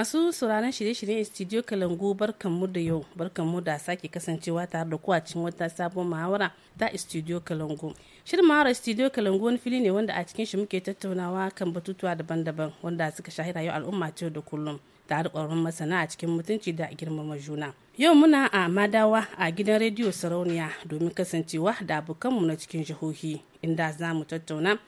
Masu sauraron shirye-shiryen Studio Kalangu barkanmu da yau, barkanmu da sake kasancewa tare da kuwa cikin wata sabon mahawara ta Studio Kalangu. Shirin mahawarar Studio Kalangu wani fili ne wanda a cikin shi muke tattaunawa kan batutuwa daban-daban wanda suka shahi rayuwar al'umma ta yau da kullum. tare ƙwararrun masana a cikin mutunci da girmama juna. Yau muna a Madawa a gidan rediyo Sarauniya domin kasancewa da abokanmu na cikin jihohi inda za mu tattauna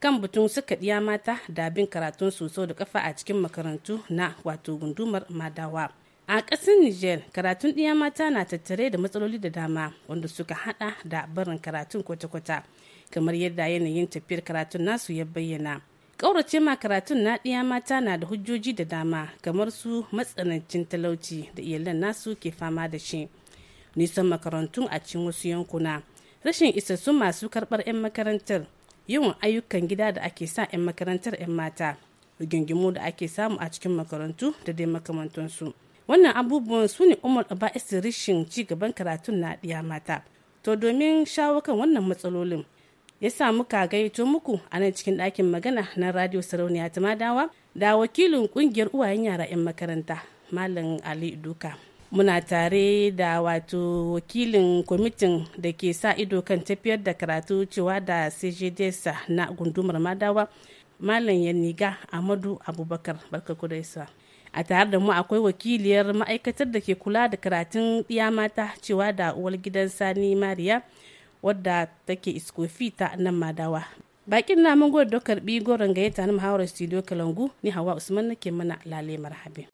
kan batun suka ɗiya mata da bin karatun soso da kafa a cikin makarantu na wato gundumar madawa a ƙasar niger karatun ɗiya mata na tattare da matsaloli da dama wanda suka haɗa da barin karatun kwata-kwata kamar yadda yanayin tafiyar karatun nasu ya bayyana ƙaurace ma karatun na ɗiya mata na da hujjoji da dama kamar su matsanancin talauci da iyalan nasu ke fama da shi nisan makarantun a cikin wasu yankuna rashin isassun masu karɓar 'yan makarantar yawan ayyukan gida da ake sa 'yan makarantar 'yan mata rigingimu da ake samu a cikin makarantu da dai makamantansu wannan abubuwan su ne umar ba'is rishin ci gaban karatun na ɗiya mata to domin shawo kan wannan matsalolin ya sa muka gaito muku a nan cikin ɗakin magana na radio sarauniya ta madawa da wakilin ƙungiyar uwayen yara 'yan makaranta malam ali duka muna tare da wato wakilin kwamitin da ke sa ido kan tafiyar da karatu cewa da cgds na gundumar madawa malam yaniga amadu abubakar barka kudaisa a tare da mu akwai wakiliyar ma'aikatar da ke kula da karatun ɗiya mata cewa da uwar gidan sani mariya wadda take iskofi ta nan madawa bakin namun mun dokar karbi goron gayyata na muhawarar studio kalangu ni hawa usman nake mana lalemar habin.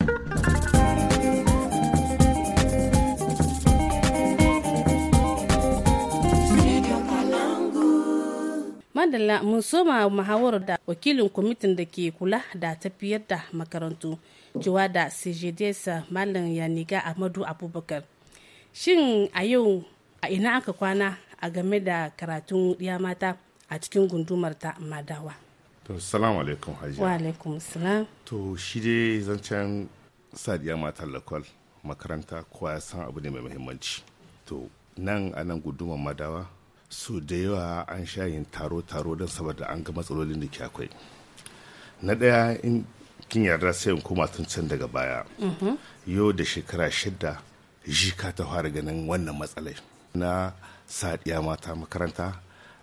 madalla mun soma muhawarar da wakilin kwamitin da ke kula da tafiyar da makarantu cewa da cgds malam yaniga amadu abubakar shin a yau a ina aka kwana a game da karatun ya mata a cikin gundumar ta madawa to salamu alaikum hajiya wa alaikum salam to shi dai zancen sadiya mata lakwal makaranta kowa ya san abu ne mai muhimmanci to nan a nan gundumar madawa su da yawa an sha yin taro-taro don saboda an ga matsalolin da ke akwai na ɗaya in kin yarda sai in koma tun can daga baya mhm. yau da shekara shida jika ta fara ganin wannan matsalai na saɗiya mata makaranta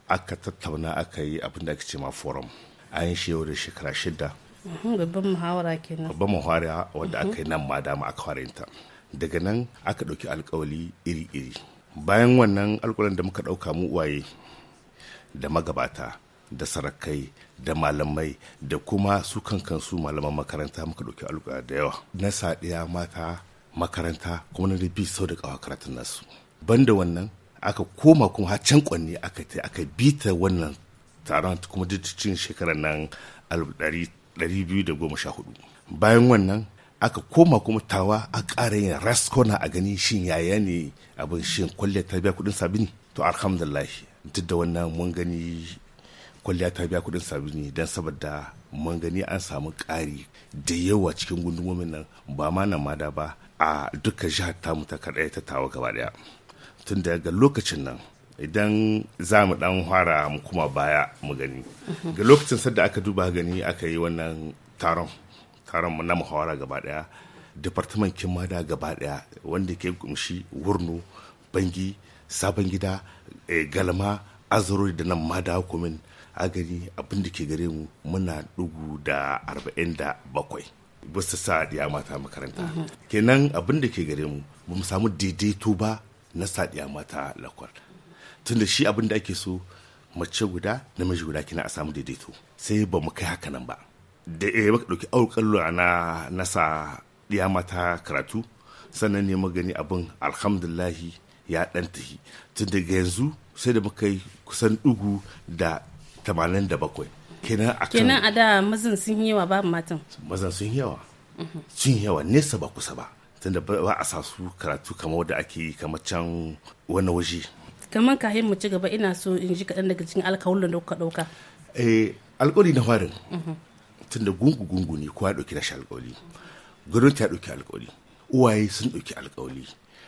aka tattauna aka yi abin da ake ce ma forum an shi yau da shekara shida mhm, babban muhawara kenan babban muhawara wadda mhm. aka yi nan ma dama aka fara ta daga nan aka ɗauki alkawali iri-iri bayan wannan alkulan da muka ɗauka mu uwaye da magabata da sarakai da malamai da kuma su kankan su malaman makaranta muka ɗauki alkulan da yawa na saɗiya mata makaranta kuma na bi sau da karatun nasu banda wannan aka koma kuma har can kwanne aka ta aka bita wannan taron kuma duk cikin shekarar nan hudu. bayan wannan aka koma kuma tawa a ƙara yin raskona a gani shin yaya ne abin shin kwalliya ta biya kudin sabini to alhamdulillah duk da wannan mun gani kwalliya ta biya kudin sabini don saboda mun gani an samu ƙari da yawa cikin gundumomin nan ba ma nan ma ba a duka jihar tamu ta kaɗai ta tawa gaba ɗaya tun daga lokacin nan idan za mu dan fara mu kuma baya mu gani ga lokacin sadda aka duba gani aka yi wannan taron taron na muhawara gaba daya departament kimada gaba daya wanda ke kumshi Wurnu, bangi sabon gida eh, galma azurori da nan mada kumin a abin da ke gare mu muna dugu da arba'in da bakwai bisa sa ya mata makaranta mhm. kenan abin da ke gare mu ba mu samu daidaito ba na sa ya mata lakwal tunda shi abin da ake so mace guda na namiji guda kina a samu daidaito sai ba mu kai haka nan ba da ya baka dauki alƙalura na nasa ɗiya mata karatu sannan ne magani abin alhamdulahi ya ɗan tahi tun daga yanzu sai da muka yi kusan ɗugu da bakwai kenan a kenan a da mazan sun yi yawa babu matan mazan sun yawa mhm. sun yawa nesa ba kusa ba tunda ba a sa su karatu kamar da ake yi kamar can wani waje kamar kahin mu ci gaba ina so in ji kaɗan daga cikin alkawulin da kuka ɗauka eh na farin mhm. tunda gungu-gungu ne kowa ɗauki nashi alkawali gwamnati ya ɗauki alkawali uwaye sun ɗauki alkawali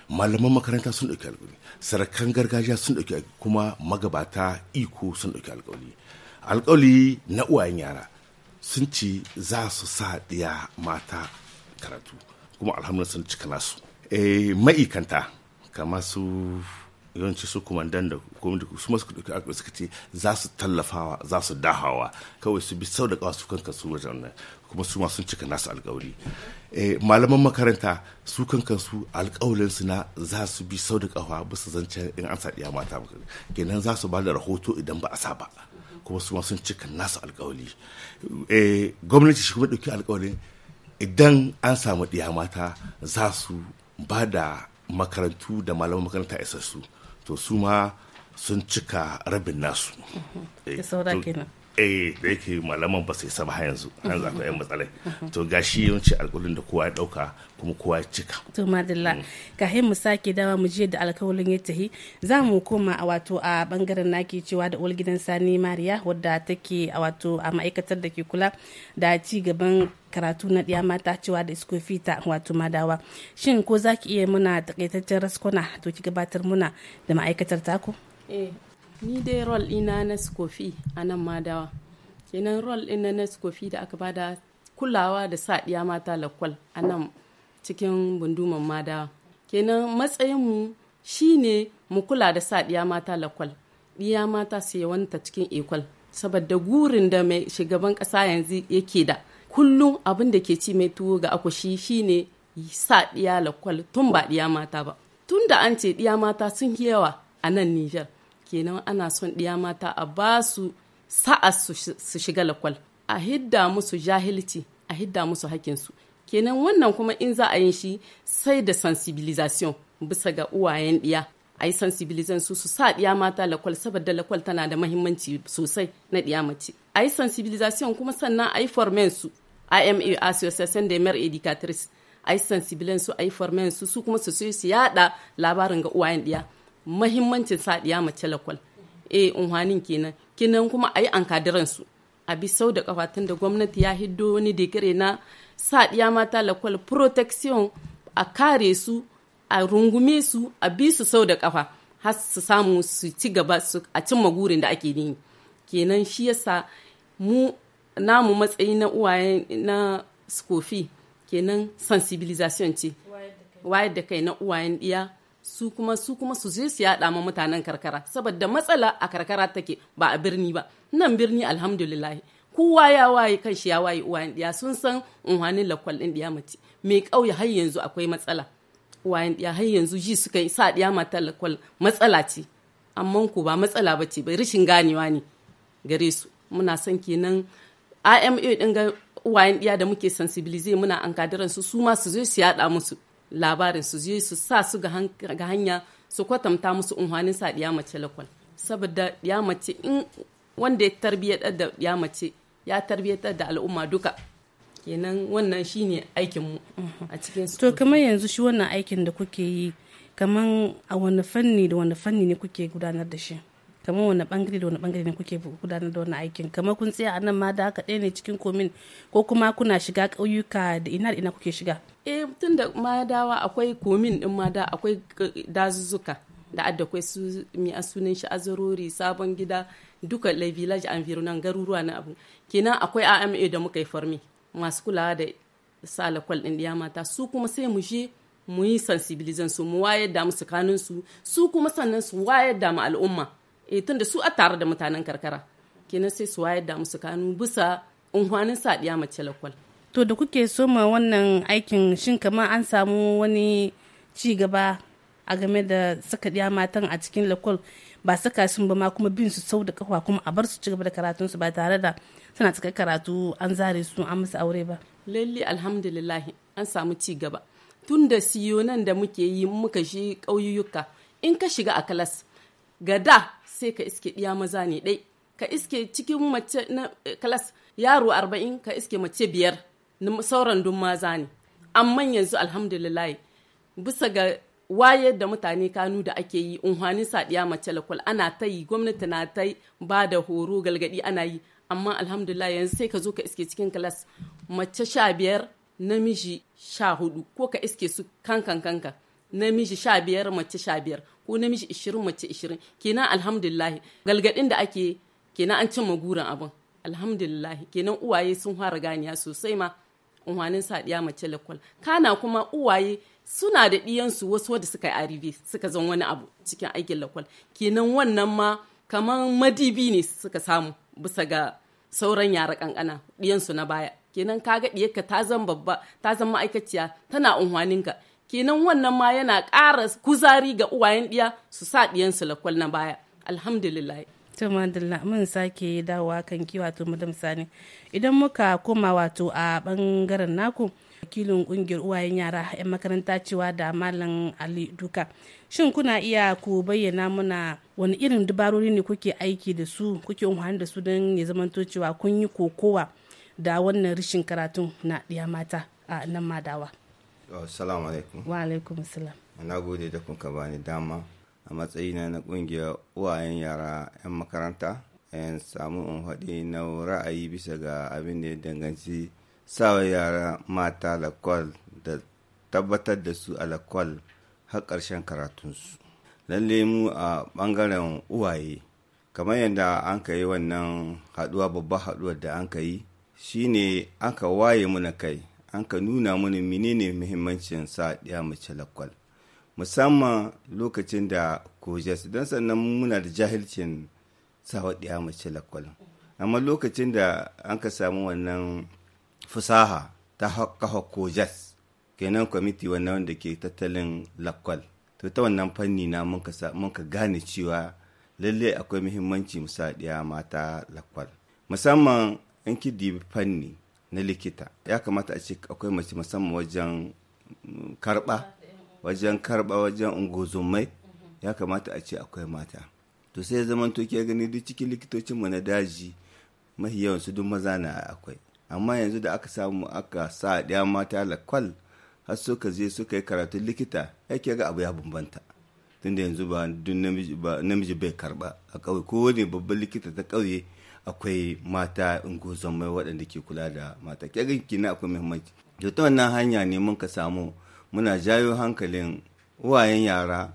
malaman makaranta sun ɗauki alkawali sarakan gargajiya sun ɗauki kuma magabata iko sun ɗauki alkawali alkawali na uwayen yara sun ci za su sa ɗiya mata karatu kuma alhamdulillah sun cika nasu e, eh, ma'ikanta kama su yawanci su kumandan da kuma su masu ɗauki akwai suka ce za su tallafawa za su dahawa kawai su bi sau da kawa su kanka su wajen nan kuma su masu cika nasu alkawari eh, malaman makaranta su kanka su alkawalin su na za su bi sau da kawa ba su zance in an sa mata kenan za su ba da rahoto idan ba a sa ba kuma su masu cika nasu alkawali eh, gwamnati shi kuma ɗauki alkawalin idan an samu mata za su ba da makarantu da malaman makaranta isassu to su ma sun cika rabin nasu. Mhm. Eh, da saura kenan. eh da yake malaman ba su isa ba yanzu yanzu akwai yan matsalai to gashi yawanci alƙalin da kowa ya ɗauka kuma kowa ya cika to madalla mm. hin mu sake dawa mu je da alkawalin ya tahi za mu koma a wato a bangaren naki cewa da uwar gidan sani mariya wadda take a wato a ma'aikatar da ke kula da ci gaban karatu na ɗiya mata cewa da isko fita, wato madawa shin ko za ki iya muna takaitaccen raskona to ki gabatar muna da ma'aikatar taku eh, ni dai rol ina na kofi a nan madawa kenan rol ina na kofi da aka bada kulawa da sa mata lakwal a nan cikin bunduman madawa kenan matsayinmu shine mu kula da sa mata lakwal ɗiya mata su yawanta cikin ikwal saboda gurin da mai shugaban ƙasa yanzu yake da kullum abin da ke ci mai tuwo ga akushi shine sa ɗiya lakwal tun ba ɗiya mata ba tun da an ce ɗiya mata sun yawa a nan Nijar kenan ana son ɗiya mata a ba su sa'a su shiga lakwal a hidda musu jahilci a hidda musu hakinsu kenan wannan kuma in za a yin shi sai da sensibilisation bisa ga uwayen ɗiya a yi sensibilizan su su sa ɗiya mata lakwal saboda lakwal tana da mahimmanci sosai na ɗiya mace a yi sensibilization kuma sannan a yi formen su ima association de mer educatrice a yi sensibilan su a yi formen su kuma su su yada labarin ga uwayen ɗiya mahimmancin saɗiya mace lakwal eh unhwanin kenan kenan kuma a yi ankadiran su a bi sau da kafa tun da gwamnati ya hiddo wani digire na saɗiya mata lakwal protection a kare su a rungume su a bi su sau da kafa har su samu su ci gaba a cin magurin da ake yi kenan shi yasa mu namu matsayi na uwaye na scofi kenan sensibilisation ce wayar da kai na uwayen ɗiya su kuma su kuma su je su yaɗa ma mutanen karkara saboda matsala a karkara take ba a birni ba nan birni alhamdulillah kowa ya waye kan shi ya waye uwa diya sun san unhanin lakwal din diya mace Me kauye har yanzu akwai matsala uwa diya har yanzu ji suka sa diya mata lakwal matsala ce amma ku ba matsala ba ce bai rashin ganewa ne gare su muna son kenan IMA ɗin ga uwayen diya da muke sensibilize muna an kadiran su su ma su zo su yaɗa musu labarin su je su sa su ga hanya su kwatanta musu unhwanin sa ɗiya mace lakwal saboda ɗiya mace in wanda ya tarbiyyar da ɗiya mace ya tarbiyyar da al'umma duka kenan wannan shine aikin mu a cikin to kamar yanzu shi wannan aikin da kuke yi kamar a wani fanni da wani fanni ne kuke gudanar da shi kamar wani bangare da wani bangare ne kuke gudanar da wani aikin kamar kun tsaya a nan ma da haka ɗaya ne cikin komin ko kuma kuna shiga ƙauyuka da ina da ina kuke shiga eh tun da madawa akwai komin din mada akwai dazuzzuka da adda kwai su mi a sunan shi azarori sabon gida duka lai village environnement garuruwa na abu kenan akwai AMA da muka yi farmi masu kulawa da salakwal din ɗiya mata su kuma sai mu je mu yi sensibilizan su mu wayar da musu kanun su su kuma sannan su wayar da mu al'umma e tunda su a tare da mutanen karkara kenan sai su wayar da musu kanu bisa unhwanin sadiya mace lakwal to da kuke soma wannan aikin shin kamar an samu wani ci gaba a game da saka diya matan a cikin lakwal ba saka sun ba ma kuma bin su sau da kafa kuma a bar su ci gaba da karatun su ba tare da suna cika karatu an zare su an musu aure ba lalle alhamdulillah an samu ci gaba tun da siyo nan da muke yi muka shi ƙauyuka in ka shiga a kalas ga da sai ka iske ɗiya maza ne ɗai ka iske cikin mace na klas eh, yaro arba'in ka iske mace biyar sauran dun maza ne amma yanzu alhamdulillah bisa ga wayar da mutane kanu da ake yi unhwanin saɗiya mace lakwal ana ta yi gwamnati na ta ba da horo galgadi ana yi amma alhamdulillah yanzu sai ka zo ka iske cikin klas mace sha biyar namiji sha hudu ko ka iske su kankan kankan namiji sha biyar mace sha biyar ko namiji ishirin mace ishirin kenan alhamdulillah galgadin da ake kenan an cin gurin abin alhamdulillah kenan uwaye sun fara ganiya sosai ma unhwanin sadiya mace lakwal kana kuma uwaye suna da ɗiyansu wasu wadda suka yi arv suka zan wani abu cikin aikin lakwal kenan wannan ma kamar madibi ne suka samu bisa ga sauran yara kankana ɗiyansu na baya kenan kaga ɗiyarka ta zama babba ta zama ma'aikaciya tana unhwaninka kenan wannan ma yana ƙara kuzari ga uwayen ɗiya su sa ɗiyansu lakwal na baya alhamdulillah to madalla mun sake dawowa kan ki wato madam sani idan muka koma wato a bangaren naku wakilin kungiyar uwayen yara 'yan makaranta cewa da malam ali duka shin kuna iya ku bayyana mana wani irin dubarori ne kuke aiki da su kuke umarni da su don ya zamanto cewa kun yi kokowa da wannan rashin karatun na ɗiya mata a nan madawa Oh, assalamu alaikum. Wa alaikum salam. Na gode da kun ka bani dama a matsayina na kungiyar uwayen yara 'yan makaranta 'yan samu in haɗe na ra'ayi bisa ga abin da ya danganci sawa yara mata lakwal da tabbatar da su a lakwal har ƙarshen karatunsu. Lalle mu a ɓangaren uwaye kamar yadda an ka yi wannan haɗuwa babbar haɗuwar da an ka yi shine aka waye muna kai an ka nuna mana menene muhimmancin sa ɗaya mace lakwal musamman lokacin da kojas don sannan muna da jahilcin sawa ɗaya mace lakwal amma lokacin da an ka samu wannan fusaha ta kawo kojas kenan kwamiti wannan wanda ke tattalin lakwal to ta wannan fanni na mun ka gane cewa lallai akwai muhimmanci musa ɗaya mata lakwal musamman in ki dibi fanni na likita ya kamata a ce akwai mace musamman wajen mm, karba wajen karba wajen unguzumai ya kamata a ce akwai mata to sai zaman to ke gani duk cikin likitocin mu na daji yawan su duk maza na akwai amma yanzu da aka samu aka sa ɗaya mata lakwal har suka je suka yi karatun likita yake ga abu ya bambanta tunda yanzu ba namiji bai karba a ƙauye ko wani babban likita ta ƙauye akwai mata in mai waɗanda ke kula da mata kyagan kina akwai muhimmanci to ta wannan hanya ne mun ka samu muna jayo hankalin uwayen yara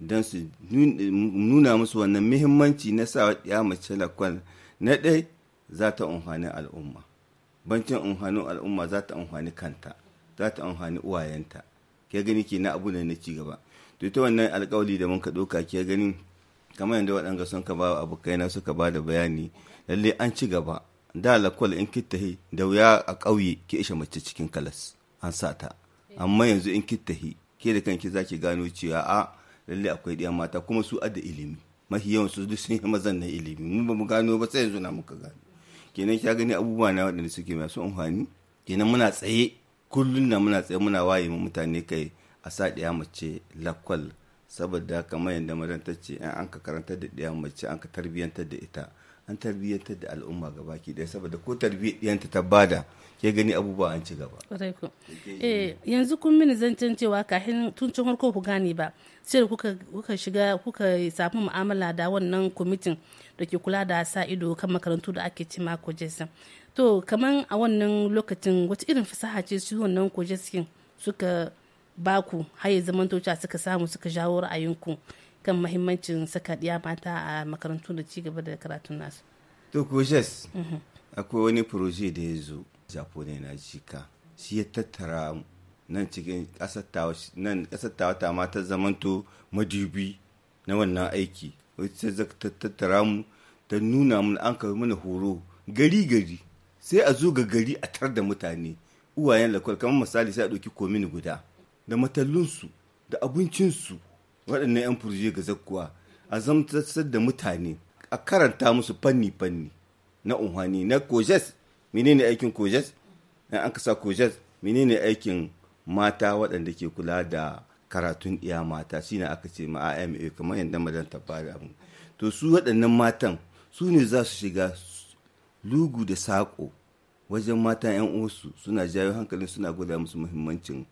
don su nuna musu wannan muhimmanci na sa ya mace lakwal na ɗai za ta amfani al'umma bancin amfani al'umma za ta amfani kanta za ta amfani uwayenta ke gani ke na abu da na ci gaba to ta wannan alkawali da mun ka ɗauka ke gani. kamar yadda waɗanda sun ka ba abokaina suka ba da bayani lalle an ci gaba da lakwal in kittahi da wuya a ƙauye ki isha mace cikin kalas an sa ta amma yanzu in kittahi ke da kanki za ki gano cewa a lalle akwai ɗiyan mata kuma su adda ilimi mafi yawan su duk sun yi mazan na ilimi mu ba mu gano ba sai yanzu na muka gano kenan kya gani abubuwa na waɗanda suke masu amfani kenan muna tsaye kullum na muna tsaye muna waye mutane kai a sa ɗaya mace lakwal saboda kamar yadda madan ta ce an ka karanta da ɗaya mace an ka tarbiyyantar da ita an tarbiyyantar da al'umma baki ɗaya saboda ko tarbiyyanta ta bada ke gani abubuwa an ci gaba. Eh yanzu kun mini zancen cewa kafin tun can farko ku gane ba sai da kuka kuka shiga kuka samu mu'amala da wannan kwamitin da ke kula da sa ido kan makarantu da ake cima jesa To kamar a wannan lokacin wata irin fasaha ce su wannan kojesin suka baku har ya zaman tocha suka samu suka jawo ra'ayinku kan mahimmancin saka ɗiya mata a makarantu da ci gaba da karatun nasu. To ko jes, mhm. akwai wani proje da ya zo Japonai na jika shi ya tattara nan cikin ƙasar tawa ta mata zamanto madubi na wannan aiki wacce za ta tattara mu ta nuna mun an kawo mana horo gari gari sai a zo ga gari a tar da mutane uwayen lakwal kamar misali sai a ɗauki komini guda da matallunsu da abincinsu waɗannan 'yan furje ga zakkuwa a zamtassar da mutane a karanta musu fanni-fanni na umarni na kojes menene aikin kojes in an kasa kojes menene aikin mata waɗanda ke kula da karatun iya mata ne aka ce ma AMA kamar yadda madan ta fara mu to su waɗannan matan su ne za su shiga lugu da saƙo wajen mata 'yan uwansu suna jayo hankalin suna gwada musu muhimmancin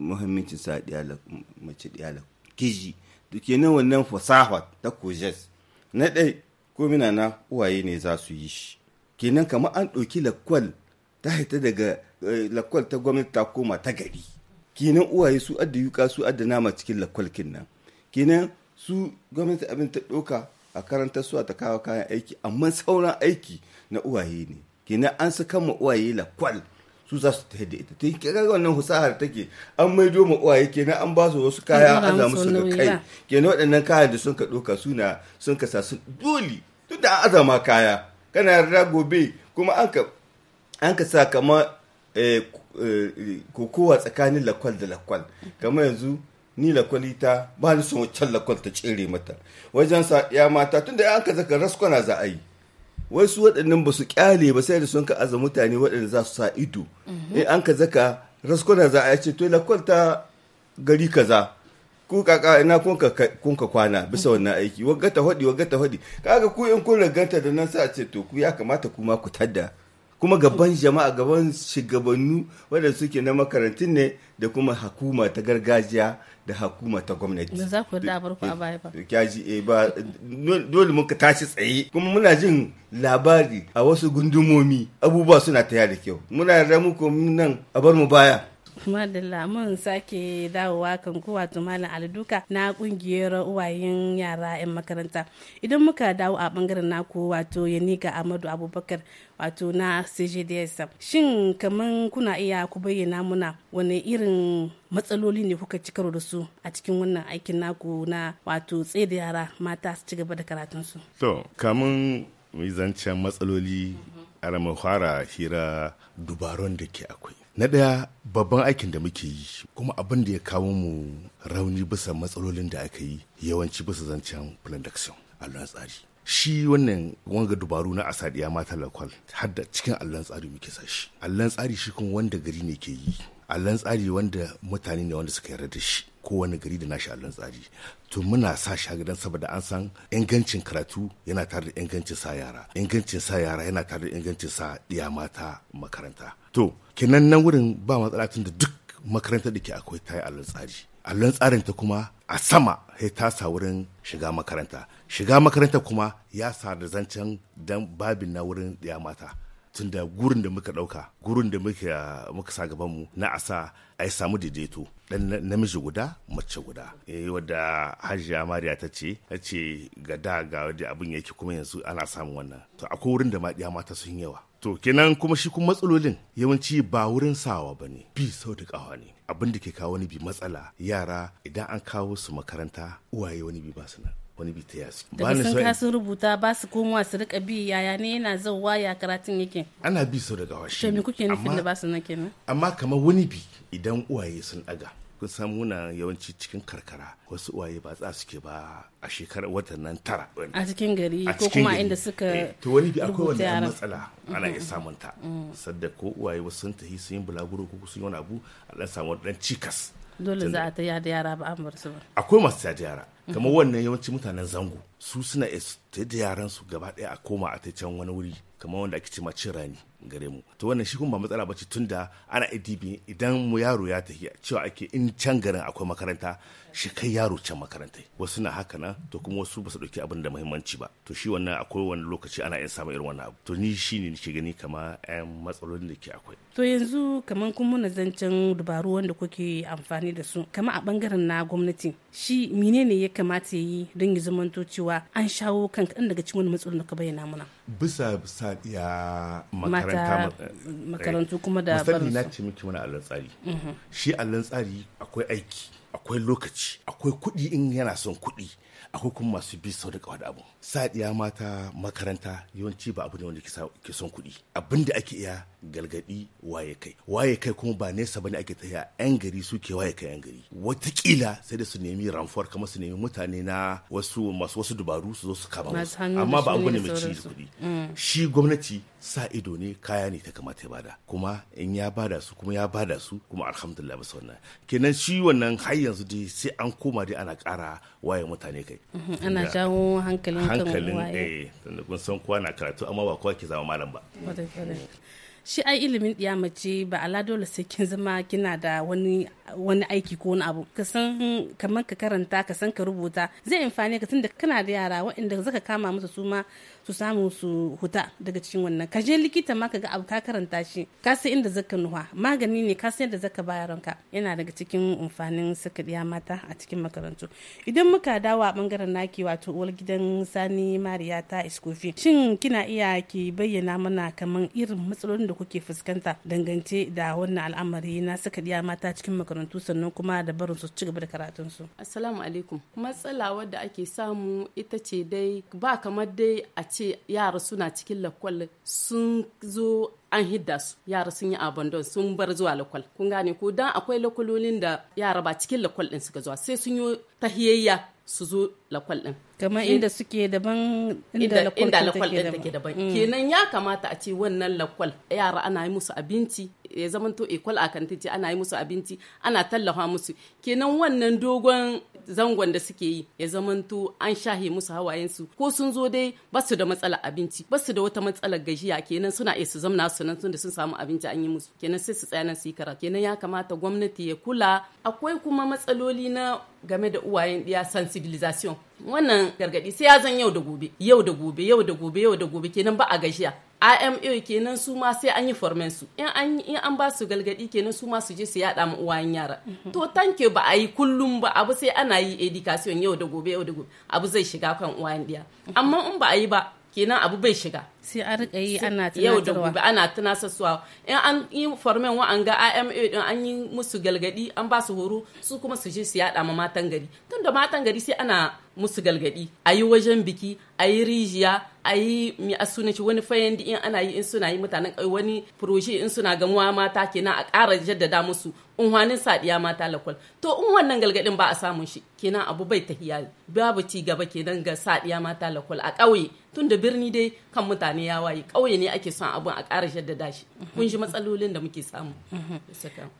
muhimmancin sa diyala mace diyala kiji duk yana wannan fasaha ta kujes na ɗai ko mina na uwaye ne za su yi shi kenan kamar an ɗauki lakwal ta haita daga eh, lakwal ta gwamnati ta koma ta gari kenan uwaye su adda yuka su adda nama cikin lakwal nan kenan su gwamnati abin ta ɗauka a karanta su ta kawo kayan aiki amma sauran aiki na uwaye ne kenan an su kama uwaye lakwal su za su taidaita da ita ta yi kira wannan husahar take an maido ma uwaye kenan an ba su wasu kaya an zama su ga kai kenan waɗannan kayan da sun ka ɗauka suna sun ka sa su dole duk da an azama kaya kana yarda gobe kuma an ka sa kama eh, eh, kokowa tsakanin lakwal da lakwal kamar yanzu ni lakwali ta ba ni son waccan lakwal ta cire mata wajen sa ya mata tunda an ka zaka raskwana za a yi wasu waɗannan ba su kyale ba sai da sun ka aza mutane waɗanda za su sa ido in an ka zaka raskuna za a ce to lakwal gari kaza ku kaka ina kun ka kwana bisa wannan aiki wagata hodi wagata hodi kaga ku in kun raganta da nan sai a ce to ku ya kamata kuma ku tadda kuma gaban jama'a gaban shugabannu wadda suke na makarantun ne da kuma hakuma ta gargajiya da hakuma ta gwamnati. Me za ku da barku a baya ba. Kyaji eh ba dole muka tashi tsaye kuma muna jin labari a wasu gundumomi abubuwa suna ta da kyau. Muna ramu ko nan a bar mu baya. madalla lamun sake dawowa kan kowa wato malam alduka na kungiyar uwayen yara yan makaranta idan muka dawo a bangaren na naku wato yanika amadu abubakar wato na cgds shin kaman kuna iya ku bayyana muna wani irin matsaloli ne kuka ci karo da su a cikin wannan aikin naku na wato tsaye da yara mata su ci gaba da karatunsu to kamun zancen matsaloli a fara hira dubaron da ke akwai na ɗaya babban aikin da muke yi kuma abin da ya kawo mu rauni bisa matsalolin da aka yi yawanci bisa zancen production allon tsari shi wannan wanga dubaru na asadiya mata lakwal har cikin allon tsari muke sa shi allon tsari shi kuma wanda gari ne ke yi allon tsari wanda mutane ne wanda suka yarda da shi ko kowane gari da nashi allon tsari to muna sa shagadan saboda an san ingancin karatu yana tare da ingancin sa yara ingancin sa yara yana tare da ingancin sa diya mata makaranta to kenan nan wurin ba matsala tun da duk makarantar da ke akwai ta yi allon tsari allon tsarin ta kuma a sama sai ta sa wurin shiga makaranta shiga makaranta kuma ya sa da zancen dan babin na wurin diya mata da gurin da muka dauka gurin da muka sa gaban mu na asa yi samu daidaito dan namiji guda mace guda eh, wadda hajji mariya ta ce ta ce ga da ga wadda abin yake kuma yanzu ana samun wannan to akwai wurin da maɗiya mata sun yawa to kenan kuma shi kuma matsalolin yawanci ba wurin sawa ba ne bi sau da kawa ne abin da ke kawo wani bi matsala yara idan an kawo su makaranta uwaye wani bi ba su nan wani bi ta yasi ba ni sun kasu rubuta ba su komowa su rika bi yaya ne yana zauwa ya karatun yake ana bi su daga washe shemi kuke nufin da ba su na ne. amma kamar wani bi idan uwaye sun daga kun san muna yawanci cikin karkara wasu uwaye ba za su ke ba a shekarar watan nan tara a cikin gari ko kuma inda suka eh, to wani bi akwai wani matsala ana iya mm-hmm. samun ta mm. sadda ko uwaye wasu sun tafi sun yi bulaguro ko sun yi wani abu a dan samu dan cikas dole za a ta yada yara ba an bar su ba akwai masu yada yara kamar wannan yawancin mutanen zango su suna da yaran su gaba daya a koma a ta can wani wuri kamar wanda ake ce ma cin rani gare mu to wannan shi kuma ba matsala bace tunda ana ADB idan mu yaro ya tafi cewa ake in can garin akwai makaranta shi kai yaro can makaranta. wasu na haka na to kuma wasu ba su dauki abin da muhimmanci ba to shi wannan akwai wani lokaci ana yin samun irin wannan abu to ni shi ne nake gani kama yan matsalolin da ke akwai to yanzu kaman kun muna zancen dabaru wanda kuke amfani da su kama a bangaren na gwamnati shi menene ya kamata ya yi don ya zamanto cewa an shawo kan kaɗan daga cikin wani matsalolin da ka bayyana muna bisa bisa ya makaranta makaranta eh, makarantu kuma da misali na ce miki muna allon tsari shi allon tsari akwai aiki akwai lokaci akwai kuɗi in yana son kuɗi akwai kuma masu bi sau da kawai abu sa mata makaranta yawanci ba abu ne wanda ke son kuɗi abin da ake iya galgadi waye kai waye kai kuma ba nesa bane ake tafiya yan gari suke waye kai yan gari watakila sai da su nemi ramfor kamar su nemi mutane na wasu masu wasu dubaru su zo su kama musu amma ba abu ne mai ci kuɗi mm. shi gwamnati sa ido ne kaya ne ta kamata ya bada kuma in ya bada su kuma ya bada su kuma alhamdulillah ba wannan kenan shi wannan har yanzu dai sai an koma dai ana ƙara waye mutane kai mm-hmm. ana jawo hankalin hankalin eh kun san kowa na karatu amma ba kowa ke zama malam ba shi ai ilimin ɗiya mace ba ala dole sai kin zama kina da wani wani aiki ko wani abu ka san kamar ka karanta ka san ka rubuta zai amfani ka tunda kana da yara waɗanda zaka kama musu su ma su samu su huta daga cikin wannan ka je likita ma ka ga abu ka karanta shi ka san inda zaka nuha magani ne ka san yadda zaka bayaranka yana daga cikin amfanin saka ɗiya mata a cikin makarantu idan muka dawo a bangaren naki wato uwar gidan sani mariya ta iskofi shin kina iya ki bayyana mana kamar irin matsalolin da kuke fuskanta dangance da wannan al'amari na saka diya mata cikin makarantu sannan kuma da barin su ci gaba da karatun su assalamu alaikum matsala wadda ake samu ita ce dai ba kamar dai a ce yara suna cikin lakwal sun zo an hidda su yara sun yi abandon sun bar zuwa lakwal kun gane ko dan akwai lakwalolin da yara ba cikin lakwal din suka zuwa sai sun yi tahiyayya su zo lakwal ɗin. kamar inda suke daban inda lakwal din take daban mm. kenan ya kamata a ce wannan lakwal yara ana yi musu abinci ya zama to equal a tace ana yi musu abinci ana tallafa musu kenan wannan dogon zangon da suke yi ya zama to an shahe musu hawayensu ko sun zo dai ba su da matsalar abinci ba su da wata matsalar gajiya kenan suna iya su zamna su nan tun da sun samu abinci an yi musu kenan sai su tsaya nan su yi karatu kenan ya kamata gwamnati ya kula akwai kuma matsaloli na game da uwayen ɗiya sensibilisation wannan gargaɗi sai ya zan yau da gobe yau da gobe yau da gobe yau da gobe kenan ba a gajiya AMA kenan su ma sai an yi formen su in an in an ba su galgadi kenan su ma su je su yada ma uwan yara mhm. to tanke ba a yi kullum ba abu sai ana yi education yau da gobe yau da gobe abu zai shiga kan uwa diya mhm. amma in ba a yi ba kenan abu bai shiga sai a rika yi ana tunatarwa yau da gobe ana tunasarwa in an yi formen wa wa'anga AMA din an yi musu galgadi an ba su horo su kuma su je su yada ma matan gari tunda matan gari sai ana musu galgadi a yi wajen biki a yi rijiya a yi mi a wani fayan in ana yi in suna yi mutanen wani proje in suna gamuwa mata kenan a ƙara jaddada musu unhwanin sadiya mata lakwal to in wannan galgadin ba a samun shi kenan abu bai tahiya babu ci gaba kenan ga sadiya mata lakwal a ƙauye tun da birni dai kan mutane ne ya waye ƙauye ne ake son abun a ƙara shaddada shi kun shi matsalolin da muke samu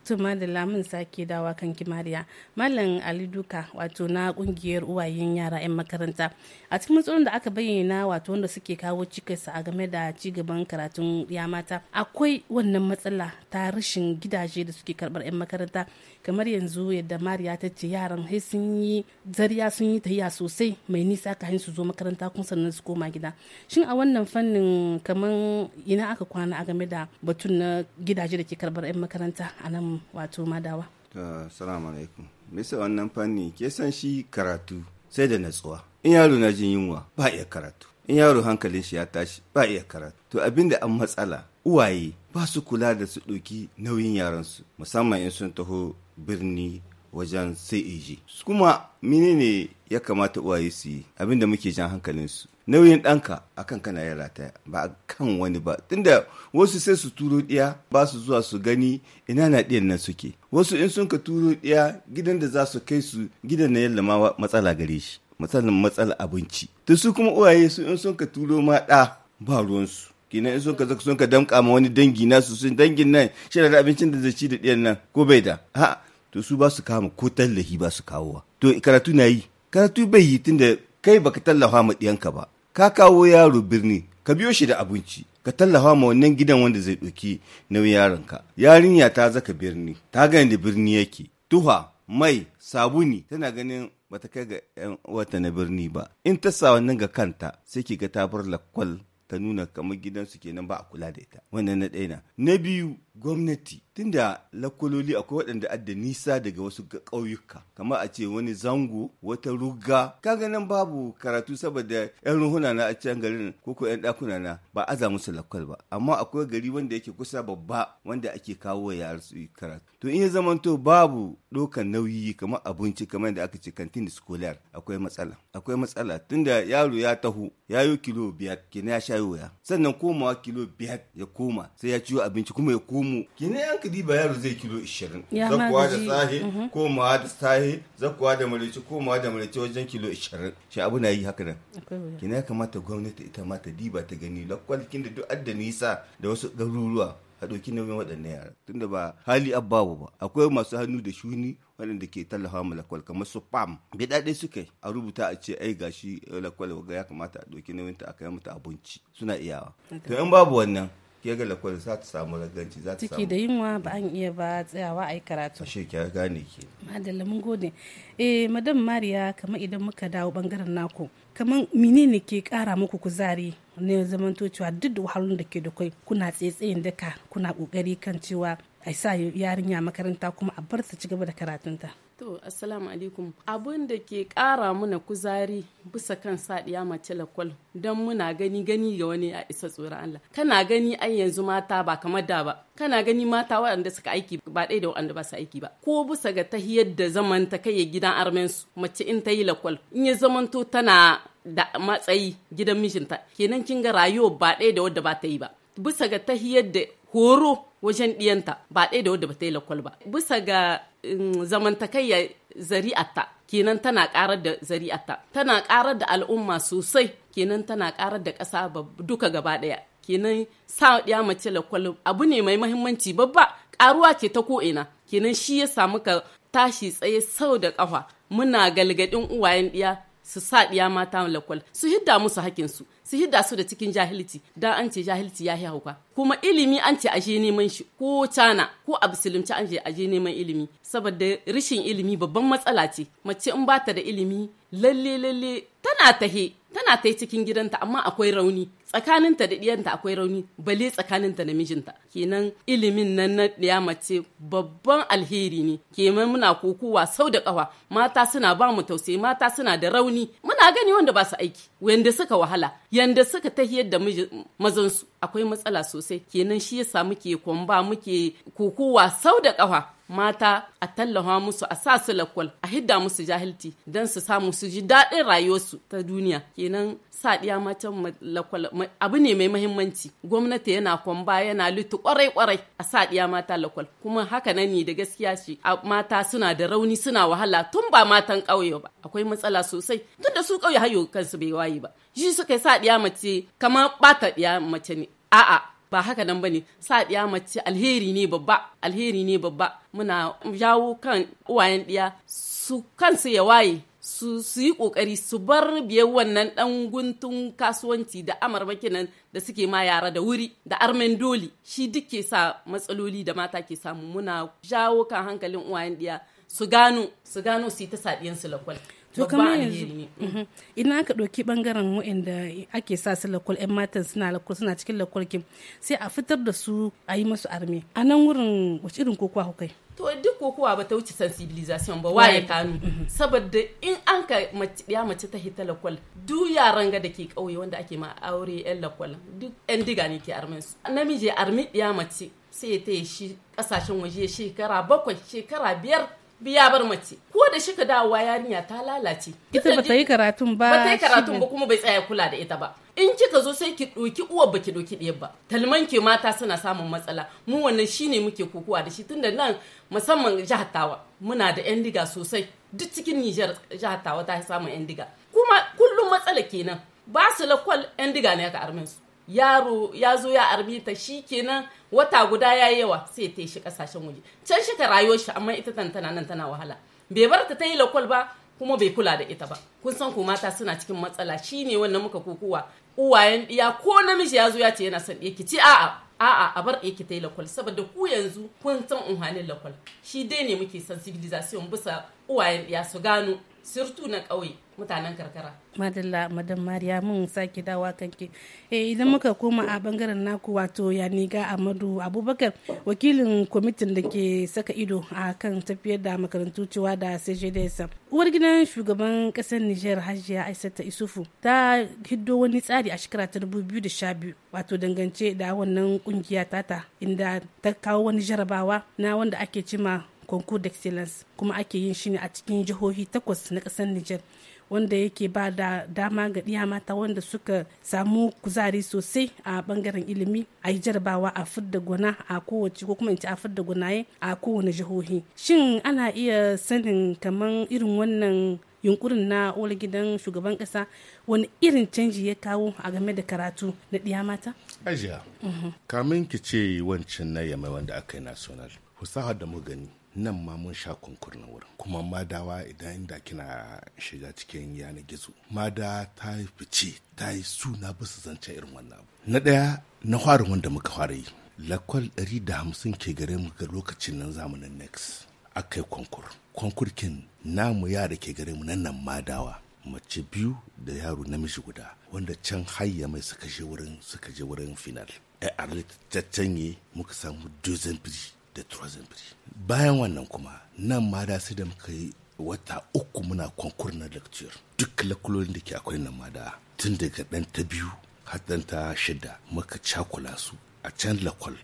to madalla mun sake dawa kan kimariya malam ali duka wato na kungiyar uwayen yara yan makaranta a cikin matsalolin da aka bayyana wato wanda suke kawo cikas a game da ci gaban karatun ya mata akwai wannan matsala ta rashin gidaje da suke karɓar yan makaranta kamar yanzu yadda mariya ta ce yaran sai sun yi zariya sun yi tahiya sosai mai nisa kayan su zo makaranta kun sannan su koma gida shin a wannan fannin sanin kamar ina aka kwana a game da batun na gidaje da ke karbar 'yan makaranta a nan wato madawa Salamu alaikum bisa wannan fanni ke san shi karatu sai da natsuwa in yaro na jin yunwa ba iya karatu in yaro hankalin shi ya tashi ba iya karatu to abin da an matsala uwaye ba su kula da su doki nauyin su musamman in sun taho birni wajen sai eji kuma menene ya kamata uwaye su yi da muke jan su. nauyin ɗanka kan kana yara rataya ba a kan wani ba tunda wasu sai su turo ɗiya ba su zuwa su gani ina na ɗiyan nan suke wasu in sun ka turo ɗiya gidan da za su kai su gidan na yalla ma matsala gare shi matsalan matsala abinci to su kuma uwaye su in sun ka turo ma ɗa ba ruwansu kina in ka sun ka damƙa ma wani dangi nasu sun dangin nan shi da abincin da zai ci da ɗiyan nan ko bai da ha to su ba su kama ko tallahi ba su kawowa to karatu na yi karatu bai yi tunda kai baka tallafa ma ɗiyanka ba ka kawo yaro birni ka biyo shi da abinci ka tallafa ma wannan gidan wanda zai ɗauki nauyin yaronka yarinya ta zaka birni ta gani da birni yake tuha mai sabuni tana ganin bata kai ga yan wata na birni ba in ta sa wannan ga kanta sai ki ga ta bar lakwal ta nuna kamar gidansu kenan ba a kula da ita wannan na ɗaya na biyu gwamnati tunda lakololi akwai waɗanda adda nisa daga wasu ƙauyuka kamar a ce wani zango wata ruga ka nan babu karatu saboda yan ruhuna na a can garin ko ko yan ɗakuna na ba aza musu lakwal ba amma akwai gari wanda yake kusa babba wanda ake kawo ya su karatu to in ya zamanto babu ɗokan nauyi kamar abinci kamar da aka ce kantin scholar akwai matsala akwai matsala tunda yaro ya taho ya yi kilo biyar kenan ya sha sannan komawa kilo biyar ya koma sai ya ciwo abinci kuma ya koma mu gine an kadi ba yaro zai kilo 20 zakuwa mhm. da sahi ko ma da sahi zakuwa da marece ko ma da marece wajen kilo 20 shi abu na yi haka nan gine ya kamata gwamnati ita ma ta diba ta gani kin da duk adda nisa da wasu garuruwa a ɗauki nauyin waɗannan yara tunda ba hali ababu ba akwai masu hannu da shuni waɗanda ke tallafa ma lakwal kamar su pam bai daɗe suka a rubuta a ce ai gashi lakwal ya kamata a ɗauki nauyin ta a kai mata abinci suna iyawa to in babu wannan ke ga za ta samu raganci za ta samu ciki da yunwa ba an iya ba tsayawa a yi karatu ashe ki gane ke madalla mun gode eh madam mariya kamar idan muka dawo bangaren naku kamar menene ke kara muku kuzari ne zamanto cewa duk da wahalun da ke da kai kuna tsaitsayin daka kuna kokari kan cewa a sa yarinya makaranta kuma a bar ta ci gaba da karatunta To, Assalamu alaikum. Abin da ke ƙara muna kuzari bisa kan saɗiya mace lakwal don muna gani gani ga wani a isa tsoron Allah. Kana gani ai yanzu mata ba kamar da ba. Kana gani mata waɗanda suka aiki ba ɗaya da waɗanda ba su aiki ba. Ko bisa ga ta yadda zaman ta kai gidan armensu mace in ta yi lakwal. In ya zamanto tana da matsayi gidan mijinta. Kenan kin ga rayuwa ba ɗaya da wadda ba ta yi ba. Bisa ga ta yadda horo wajen ɗiyanta ba ɗaya da wadda ba ta yi lakwal ba bisa ga um, zamantakayya zari'ata kenan tana karar da zari'ata tana karar da al'umma sosai kenan tana karar da ƙasa duka gaba ɗaya kenan sa ya mace lakwal abu ne mai mahimmanci babba karuwa ce ta ko'ina kenan shi ya samu ka tashi tsaye sau da ƙafa muna galgadin uwayen ɗiya su sa ɗiya mata lakwal su hidda musu hakinsu su hidda su da cikin jahilci dan an ce jahilci ya hauka kuma ilimi an ce aje neman shi ko cana ko a musulunci an ce aje neman ilimi saboda rashin ilimi babban matsala ce mace in bata da ilimi lalle lalle tana tahe tana ta cikin gidanta amma akwai rauni tsakaninta da ɗiyanta akwai rauni bale tsakaninta da mijinta kenan ilimin nan na ya mace babban alheri ne kenan muna kokowa sau da kawa mata suna ba mu tausayi mata suna da rauni muna gani wanda ba su aiki wanda suka wahala yanda suka tahiyar da mazansu akwai matsala sosai kenan shi yasa muke kwamba muke kokowa sau da kawa mata a tallafa musu a sa su lakwal a hidda musu jahilci don su samu su ji daɗin rayuwarsu ta duniya kenan sa ɗiya macen lakwal abu ne mai mahimmanci gwamnati yana kwamba yana lutu kwarai kwarai a sa ɗiya mata lakwal kuma haka nan ne da gaskiya shi mata suna da rauni suna wahala tun ba matan ƙauye ba akwai matsala sosai tun da su ƙauye hayo kansu bai waye ba shi suka sa ɗiya mace kamar ɓata ɗiya mace ne a'a ba haka nan bane sa ɗiya mace alheri ne babba alheri ne babba muna jawo kan uwayen ɗiya su kansu ya waye su su yi kokari su bar biye wannan dan guntun kasuwanci da amarmaki nan da suke ma yara da wuri da armen doli shi duk sa matsaloli da mata ke samu muna jawo kan hankalin uwayen diya su gano su gano su yi ta sadiyan su lakwal to kamar yanzu mm. mhm. idan aka ɗauki ɓangaren da ake sa su lakol 'yan matan suna lakol suna cikin lakolkin sai a fitar da su a yi masu arme a nan wurin wacce irin kokowa hukai to duk kokowa ba ta wuce sensibilisation ba waye kanu mhm. saboda in an ka ya mace ta hita lakwal du yaran ga da ke kauye wanda ake ma aure yan lakwal duk yan diga ne ke armin su namiji armi ya mace sai ya taya shi kasashen waje shekara bakwai shekara biyar biya bar mace ko da shi ka dawowa yarinya ta lalace ita ba ta yi karatun ba ba ta yi karatun ba kuma bai tsaya kula da ita ba in kika zo sai ki ɗoki uwar ba ki ɗoki ɗaya ba talman ke mata suna samun matsala mu wannan shine muke kokowa da shi tunda nan musamman jihar tawa muna da yan diga sosai duk cikin Nijar jihar tawa ta samun yan diga kuma kullum matsala kenan ba su lakwal yan diga ne ka armin su yaro ya zo ya arme ta kenan wata guda ya yawa sai ta shi kasashen waje can shi ta rayo shi amma ita tana nan tana wahala bai bar ta ta yi lakwal ba kuma bai kula da ita ba kun san ko mata suna cikin matsala shine wannan muka kokowa uwayen ɗiya. ko namiji ya zo ya ce yana son ɗaya ki a'a a'a a bar ɗaya ta yi lakwal saboda ku yanzu kun san unhanin lakwal shi dai ne muke san bisa uwayen ɗiya su gano sirtu na ƙauye mutanen karkara. Madalla madam Mariya mun sake dawa kanki. Eh idan muka koma a bangaren naku wato Yaniga Amadu Abubakar wakilin kwamitin da ke saka ido a kan tafiyar da makarantu cewa da CJDS. Uwar gidan shugaban ƙasar Nijar Hajiya Aisata Isufu ta hiddo wani tsari a shekara ta 2012 wato dangance da wannan kungiya tata inda ta kawo wani jarabawa na wanda ake cima concours d'excellence kuma ake yin shi ne a cikin jihohi takwas na kasar Nijar wanda yake ba da dama ga ɗiyamata mata wanda suka samu kuzari sosai a bangaren ilimi a yi jarabawa a fidda gona a kowace ko kuma in ci a fidda gonaye a kowane jihohi shin ana iya sanin kamar irin wannan yunkurin na wani gidan shugaban kasa wani irin canji ya kawo a game da karatu na ɗiya mata ajiya mhm. kamin ki ce wancan na yamai wanda aka yi national fusahar da mu gani nan ma mun sha kunkur na wurin kuma madawa idan inda kina shiga cikin yanar gizo mada ta fice ta yi suna su zance irin wannan abu na ɗaya na fara wanda muka fara yi lakwal 150 ke gare mu ga lokacin nan zamanin next akai kwankur kwankurkin namu yara ke gare mu nan madawa mace biyu da yaro namiji guda wanda can hayya mai suka je wurin suka je wurin final a arlita muka samu dozen biri da bridge bayan wannan kuma nan ma da su da muka yi wata uku muna konkur na lecture duk lakulolin da ke akwai nan ma da tun daga dan ta biyu har dan ta shida muka cakula su a can lakwal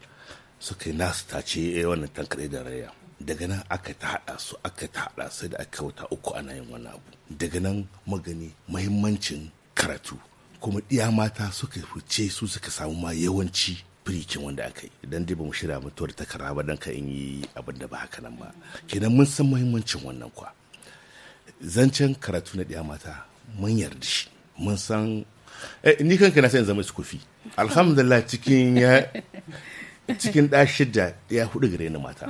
suka yi nasu ta tace eh, wannan tankare da raya daga nan aka ta haɗa su aka ta haɗa su da aka wata uku ana yin wani abu daga nan magani mahimmancin karatu kuma ɗiya mata suka fice su suka samu ma yawanci firicin wanda aka yi idan dai ba mu shirya mutuwar takara ba dan ka in yi abin da ba haka nan ba kenan mun san muhimmancin wannan kwa zancen karatu na ɗaya mata mun yarda shi mun san eh, ni kanka na san zama su kofi alhamdulillah cikin ya cikin da shida ya hudu gare ni mata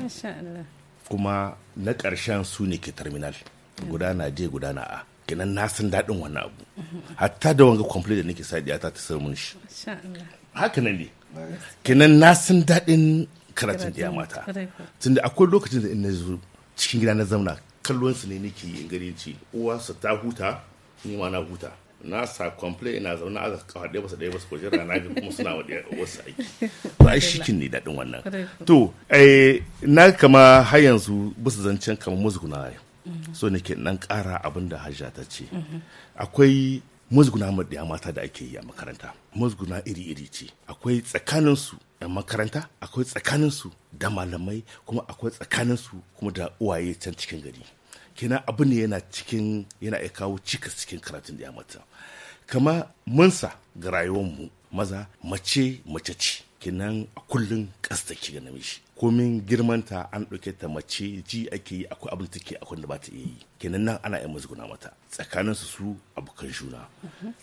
kuma na ƙarshen su ne ke terminal guda na je guda na a kenan na san daɗin wannan abu hatta da wanga complete da nake sa ta ta samun shi haka nan ne kenan na san daɗin karatun ɗaya mata tunda akwai lokacin da ina zo cikin gida na zauna kallon su ne nake yin gare ci su ta huta ni ma na huta na sa complain ina zaune a kawo ɗaya basu ɗaya basu ko jira na kuma suna wa wasu aiki a shi kin ne daɗin wannan to na kama har yanzu basu zancen kama musguna mhm. so nake nan ƙara abin da hajja ta ce akwai musguna maɗaya mata da ake yi a makaranta mazguna iri-iri ce akwai tsakaninsu 'yan makaranta akwai tsakaninsu da malamai kuma akwai tsakaninsu kuma da uwaye can cikin gari kina abu ne yana cikin yana iya kawo cikas cikin karatun da mata kama munsa ga rayuwar mu maza mace mace ce kinan a kullum kasta ki ga namiji komin girmanta an ɗauke ta mace ji ake yi akwai abin take akwai da ba ta iya yi kenan nan ana yin musguna mata tsakanin su su abokan juna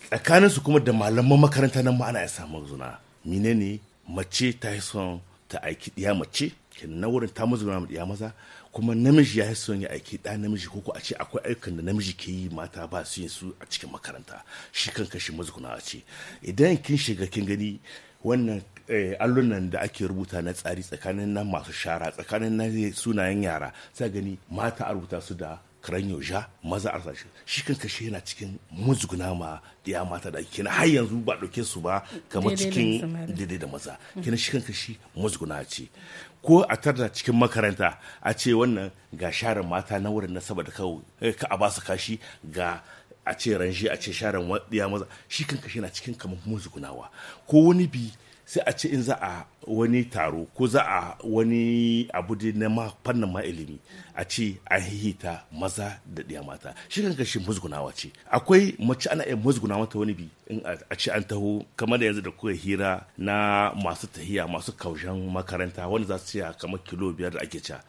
tsakanin su kuma da malaman makaranta nan ma ana yin samun zuna menene mace ta yi son ta aiki ɗiya mace kenan nan wurin ta musguna ma ɗiya maza kuma namiji ya yi son ya aiki ɗa namiji ko a ce akwai aikin da namiji ke yi mata ba su yin su a cikin makaranta shi kan kashi musguna a ce idan kin shiga kin gani wannan eh, allunan da ake rubuta na tsari tsakanin nan masu shara tsakanin na sunayen yara sai gani mata a rubuta su da karan yausha maza a shi shi kan kashe yana cikin muzguna ma ya mata da kina har yanzu ba dauke su ba kamar cikin daidai da maza kina shi kan kashe muzguna ce ko a tarda cikin makaranta a ce wannan ga share mata na wurin na saboda eh, ka a basu kashi ga a ce ranshi a ce sharan ya maza shi kanka shi na cikin kamar musgunawa ko wani bi sai a ce in za a wani taro ko za a wani abu da na ma fannin ma ilimi a ce a hihita maza da ɗiya mata shi kanka shi musgunawa ce akwai mace ana iya musguna mata wani bi in a ce an taho kamar da yanzu da kuka hira na masu tahiya masu kaushen makaranta wanda za su kamar kilo biyar da ake ca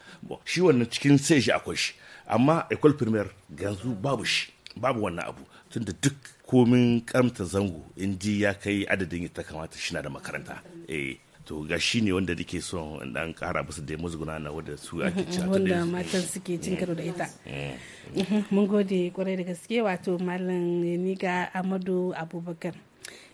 shi wannan cikin sai shi akwai shi amma école primaire yanzu babu shi babu wannan abu tunda duk komin karamta zango in ji ya kai adadin ta kamata shi da makaranta eh to ga shi ne wanda nake so dan kara musu da musguna na wanda su ake ci wanda matan suke cin karo da ita eh, eh. mun gode kwarai da gaske wato malam niga amadu abubakar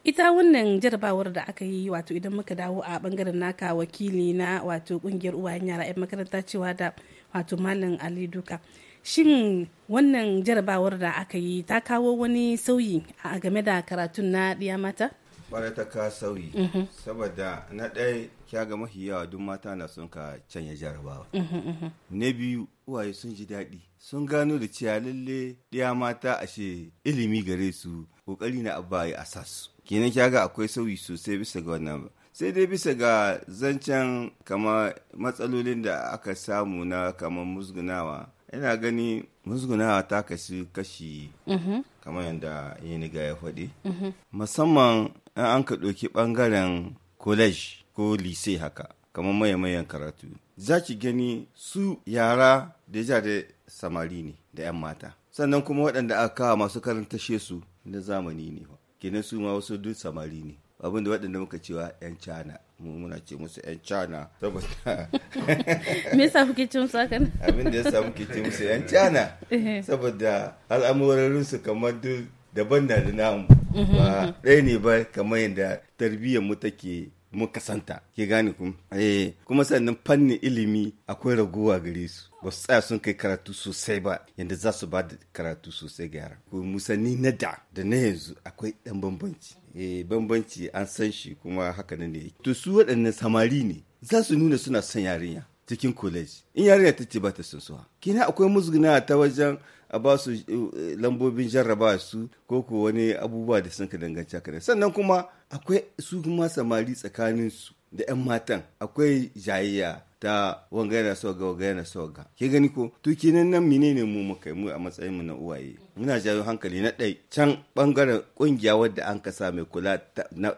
ita wannan jarabawar da aka yi wato idan muka dawo a bangaren naka wakili na wato kungiyar uwayen yara 'yan makaranta cewa da wato malam ali duka shin wannan jarabawar da aka yi ta kawo wani sauyi a game da karatun na ɗiya mata bara ta ka sauyi mhm. saboda na ɗaya kya ga mafi yawa duk mata na sun ka canya jarabawa mhm, mhm. na biyu uwaye sun ji daɗi sun gano da cewa lalle ɗiya mata ashe ilimi gare su ƙoƙari na abba a asa kenan kya ga akwai sauyi sosai bisa ga wannan sai dai bisa ga zancen kama matsalolin da aka samu na kamar musgunawa ina gani musgunawa ta kasu kashi mm-hmm. kamar yadda yaniga ya faɗi mm-hmm. musamman in an ka ɗauki ɓangaren college ko lise haka kamar mayan karatu za ki gani su yara da ja da samari ne da 'yan mata sannan kuma waɗanda aka kawo masu karantashe su na zamani ne kenan su ma wasu duk samari ne abinda waɗanda muka cewa 'yan cana mu muna ce musu 'yan cana saboda me yasa kuke musu 'yan cana eh. saboda al'amurorin su kamar duk daban da da namu mhm. ba ɗaya ne ba kamar yadda tarbiyyar mu take muka santa ke gane kuma eh kuma sannan fannin ilimi akwai raguwa gare su ba su tsaya sun kai karatu sosai ba yadda za su ba da karatu sosai ga yara ko musani na da da na yanzu akwai dan bambanci Eh, bambanci an san shi kuma haka nan ne to su waɗannan samari ne za su nuna suna son yarinya cikin college in yarinya ta ce ba ta son suwa kina akwai musguna ta wajen a ba su eh, lambobin jarraba su ko ko wani abubuwa da sun ka danganci haka sannan kuma akwai su kuma samari tsakanin su da 'yan matan akwai jayayya ta wanga yana so ga wanga ke gani ko to kenan nan menene mu muka mu a matsayin mu na uwaye muna jawo hankali na dai can bangaren kungiya wadda an kasa mai kula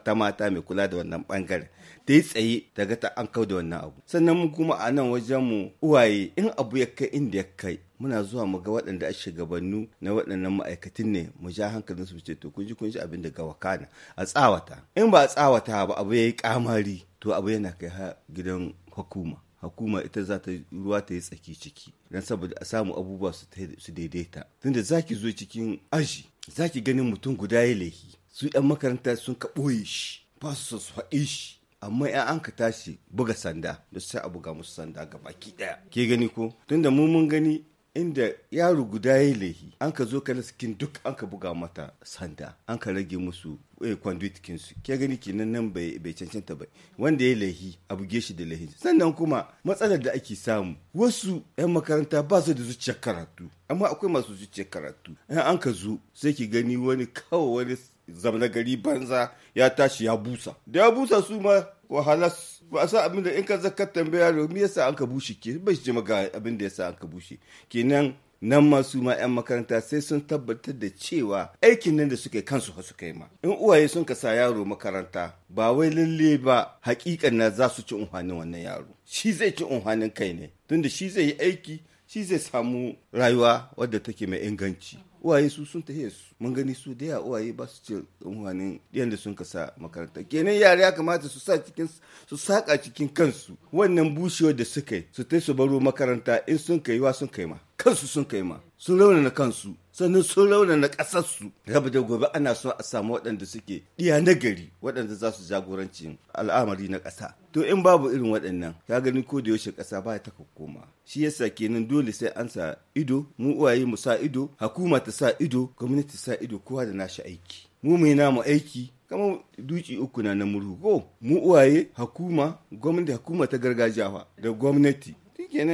ta mata mai kula da wannan bangaren ta yi tsaye daga ta an kau da wannan abu sannan mu kuma a nan wajen mu uwaye in abu ya kai inda ya kai muna zuwa mu ga waɗanda a shugabannu na waɗannan ma'aikatan ne mu ja hankalin su ce to kun ji kun ji abin da ga wakana a tsawata in ba a tsawata ba abu ya yi kamari to abu yana kai ha gidan hukuma hukuma ita za ta ruwa ta yi tsaki ciki don saboda a samu abubuwa su daidaita tunda za ki zo cikin aji za ki ganin mutum guda ya laifi su 'yan makaranta sun ka shi ba su su haɗe shi amma ya an ka tashi buga sanda da sai a buga musu sanda ga baki daya ke gani ko tunda mu mun gani inda yaro guda ya laifi. an ka zo ka sikin duk an ka buga mata sanda an ka rage musu kwanditikin eh, su ke gani kenan nan bai cancanta ba wanda ya lahi a buge shi da laifi. sannan kuma matsalar da ake samu wasu 'yan makaranta ba su da zuciyar karatu amma akwai masu zuciyar karatu in an ka zo sai ki gani wani kawai wani zamna gari banza ya tashi ya busa da ya busa su ma wahalas ba a sa abin da in ka zaka tambaya da me yasa an ka bushe ke bai ji maga abin da yasa an ka bushe kenan nan masu ma 'yan makaranta sai sun tabbatar da cewa aikin nan da suke kansu su suka yi ma in uwaye sun ka sa yaro makaranta ba wai lalle ba hakikan na za su ci unhanin wannan yaro shi zai ci unhanin kai ne tunda shi zai yi aiki shi zai samu rayuwa wadda take mai inganci uwaye su sun tafiye su mun gani su da uwaye ba su ce umarnin yadda sun kasa makaranta kenan yara ya kamata su sa cikin su saka cikin kansu wannan bushewar da suka yi su tai su baro makaranta in sun kai wa sun kai ma kansu sun kai ma sun raunana kansu sannan sun raunana ƙasarsu raba da gobe ana so a samu waɗanda suke iya nagari. gari waɗanda za su jagoranci al'amari na ƙasa to in babu irin waɗannan ka gani ko da yaushe ƙasa ba ta koma shi yasa kenan dole sai an sa ido mu uwaye mu sa ido hukuma ta sa ido gwamnati sa ido kowa da nashi aiki mu mai namu aiki kama duci uku na na murhu ko mu uwaye hukuma gwamnati hukuma ta gargajiya da gwamnati in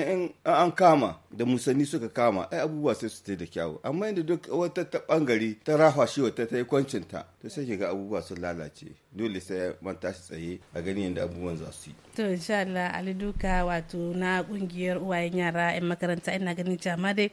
an kama da musanni suka kama ai abubuwa sai su da kyawu amma inda duk wata ta bangare ta rafa shi wata ta yi ta ta sai ga abubuwa sun lalace dole sai man tashi tsaye a gani yadda abubuwan za su yi to insha Allah Ali Duka wato na kungiyar uwayen yara yan makaranta ina ganin jama dai